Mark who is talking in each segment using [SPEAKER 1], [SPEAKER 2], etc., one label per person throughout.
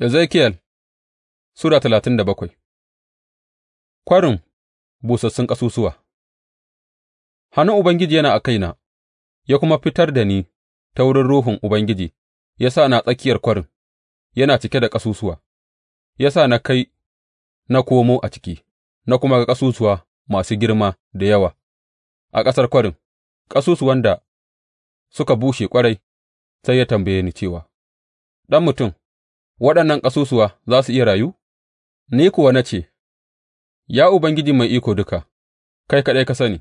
[SPEAKER 1] Ezekiel Sura talatin da bakwai Kwarin busassun ƙasusuwa Hannun Ubangiji yana a kaina, ya kuma fitar da ni ta wurin Ruhun Ubangiji, ya sa na tsakiyar kwarin, yana cike da ƙasusuwa, ya sa na kai na komo a ciki, na kuma ga ƙasusuwa masu girma da yawa a ƙasar kwarin, ƙasusuwan da suka bushe ƙwarai, sai ya tambaye ni cewa, Ɗan mutum, waɗannan ƙasusuwa za su iya rayu? Ni kuwa na ce, Ya Ubangiji Mai Iko Duka, kai kaɗai ka sani,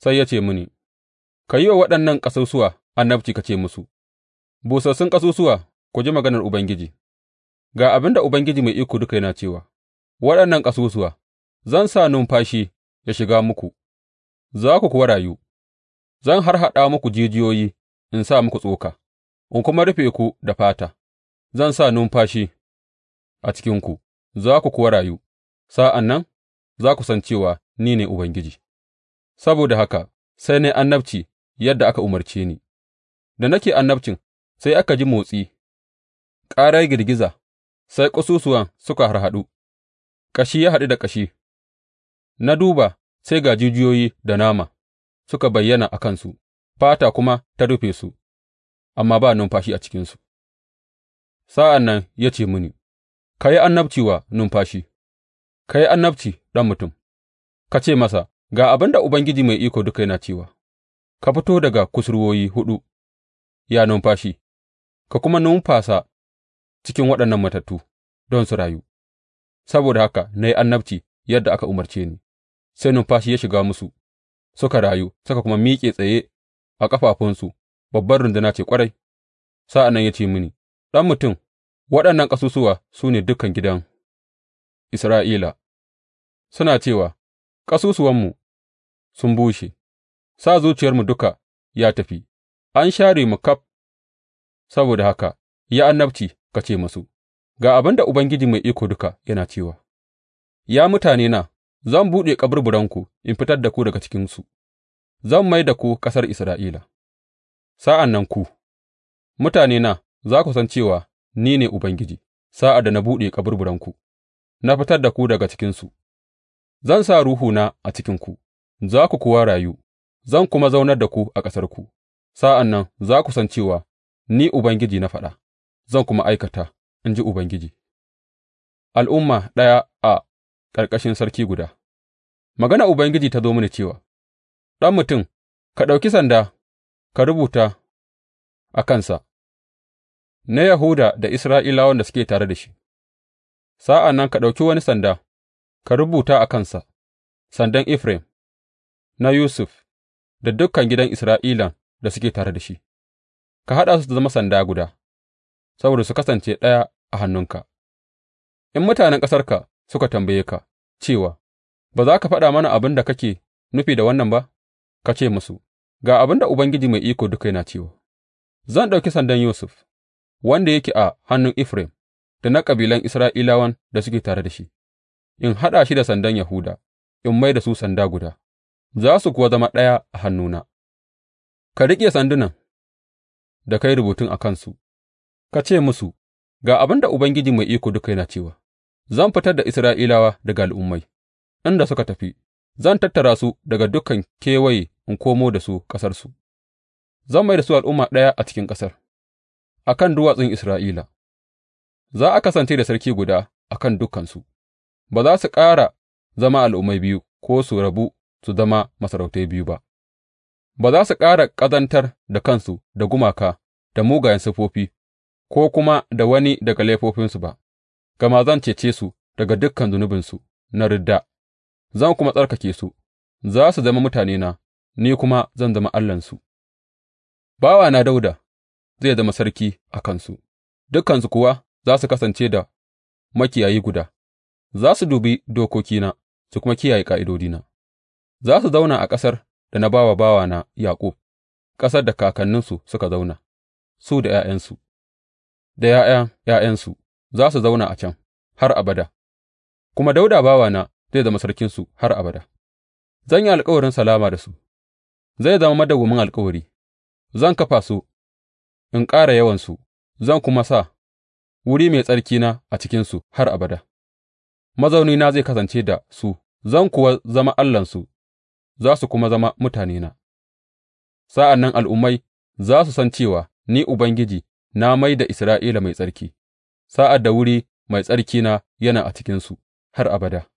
[SPEAKER 1] sai ya ce mini, Ka yi wa waɗannan ƙasusuwa annabci ka ce musu, Busassun ƙasusuwa, ku ji maganar Ubangiji, ga abin da Ubangiji Mai Iko Duka yana cewa, Waɗannan ƙasusuwa, zan sa numfashi ya shiga muku, za ku kuwa rayu, zan harhaɗa muku jijiyoyi in sa muku tsoka, in kuma rufe ku da fata. Zan sa numfashi a cikinku, za ku kuwa rayu; sa'an nan za ku san cewa ni ne Ubangiji, saboda haka sai na annabci yadda aka umarce ni, da nake annabcin, sai aka ji motsi, ƙarar girgiza, sai ƙasusuwan suka harhaɗu, ƙashi ya haɗu da ƙashi, na duba sai ga jijiyoyi da nama suka bayyana a kansu, fata kuma ta rufe su, amma ba numfashi a cikinsu. Sa'an nan ya ce mini, Ka yi annabci wa numfashi, ka yi annabci, ɗan mutum, ka ce masa, Ga abin da Ubangiji Mai Iko Duka yana cewa, Ka fito daga kusurwoyi huɗu, ya numfashi, ka kuma numfasa cikin waɗannan matattu don su rayu; saboda haka na yi annabci yadda aka umarce ni, sai numfashi ya shiga musu, suka rayu suka kuma miƙe tsaye a ƙafafunsu babbar runduna ce ƙwarai. Sa'an nan ya ce mini. Ɗan mutum, waɗannan ƙasusuwa su ne dukan gidan Isra'ila, suna cewa, Ƙasusuwanmu sun bushe, sa zuciyarmu duka ya tafi, an share mu kaf. saboda haka ya annabci ka ce masu. Ga abin da Ubangiji Mai Iko Duka yana cewa, Ya mutanena, zan buɗe kaburburanku in fitar da ku daga cikinsu; zan mai da ku ƙasar Isra'ila, sa'an nan ku, mutanena. za ku san cewa ni ne Ubangiji sa'ad da na buɗe kaburburanku na fitar da ku daga cikinsu; zan sa Ruhuna a cikinku, za ku kuwa rayu, zan kuma zaunar da ku a ƙasarku, sa'an nan za ku san cewa Ni Ubangiji na faɗa, zan kuma aikata, in ji Ubangiji, al'umma ɗaya a ƙarƙashin sarki guda. Magana Ubangiji ta zo mini cewa, Ɗan mutum, ka ɗauki sanda ka rubuta a kansa. na Yahuda da Isra'ilawan da suke tare da shi, sa'an nan ka ɗauki wani sanda, ka rubuta a kansa, sandan Efraim, na Yusuf, da dukan gidan Isra'ila da suke tare da shi, ka haɗa su zama sanda guda, saboda su kasance ɗaya a hannunka. In mutanen ƙasarka suka tambaye ka cewa, Ba za ka faɗa mana abin da kake nufi da wannan ba, ka ce musu, Ga abin da Ubangiji Mai Iko Duka yana cewa, Zan ɗauki sandan Yusuf. wanda yake a hannun Efraim da na kabilan Isra'ilawan da suke tare da shi, in haɗa shi da sandan Yahuda, in mai da su sanda guda, za su kuwa zama ɗaya a hannuna. Ka riƙe sandunan da ka yi rubutun a kansu, ka ce musu, Ga abin da Ubangiji Mai Iko Duka yana cewa, Zan fitar da Isra'ilawa daga al'ummai, inda suka tafi, zan tattara su daga dukan kewaye in komo da su ƙasarsu, zan mai da su al'umma ɗaya a cikin ƙasar. a kan duwatsun Isra'ila, za a kasance da sarki guda a kan dukansu, ba za su ƙara zama al'ummai biyu ko su rabu su zama masarautai biyu ba, ba za su ƙara ƙazantar da kansu da gumaka da mugayen siffofi ko kuma da wani daga laifofinsu ba, gama zan cece su daga dukkan zunubinsu na ridda, zan kuma tsarkake su, za su zama mutanena, ni kuma zan zama Allahnsu. Bawana Dauda. zai zama sarki a kansu, dukansu kuwa za su kasance da makiyayi guda, za su dubi dokokina su kuma kiyaye ƙa'idodina, za su zauna a ƙasar da na bawa bawana Yaƙub, ƙasar da kakanninsu suka zauna, su da ’ya'yansu, da ’ya'yan ’ya'yansu za su zauna a can har abada, kuma Dauda bawana zai zama sarkinsu har abada. Zan yi alkawarin salama da su, zai zama madawwamin alkawari, zan kafa su in ƙara yawansu zan kuma sa wuri mai tsarkina a cikinsu har abada; mazaunina zai kasance da su zan kuwa zama Allahnsu, za su kuma zama mutanena, sa'an nan al'ummai za su san cewa Ni Ubangiji na mai da Isra'ila mai tsarki, sa'ad da wuri mai tsarkina yana a cikinsu har abada.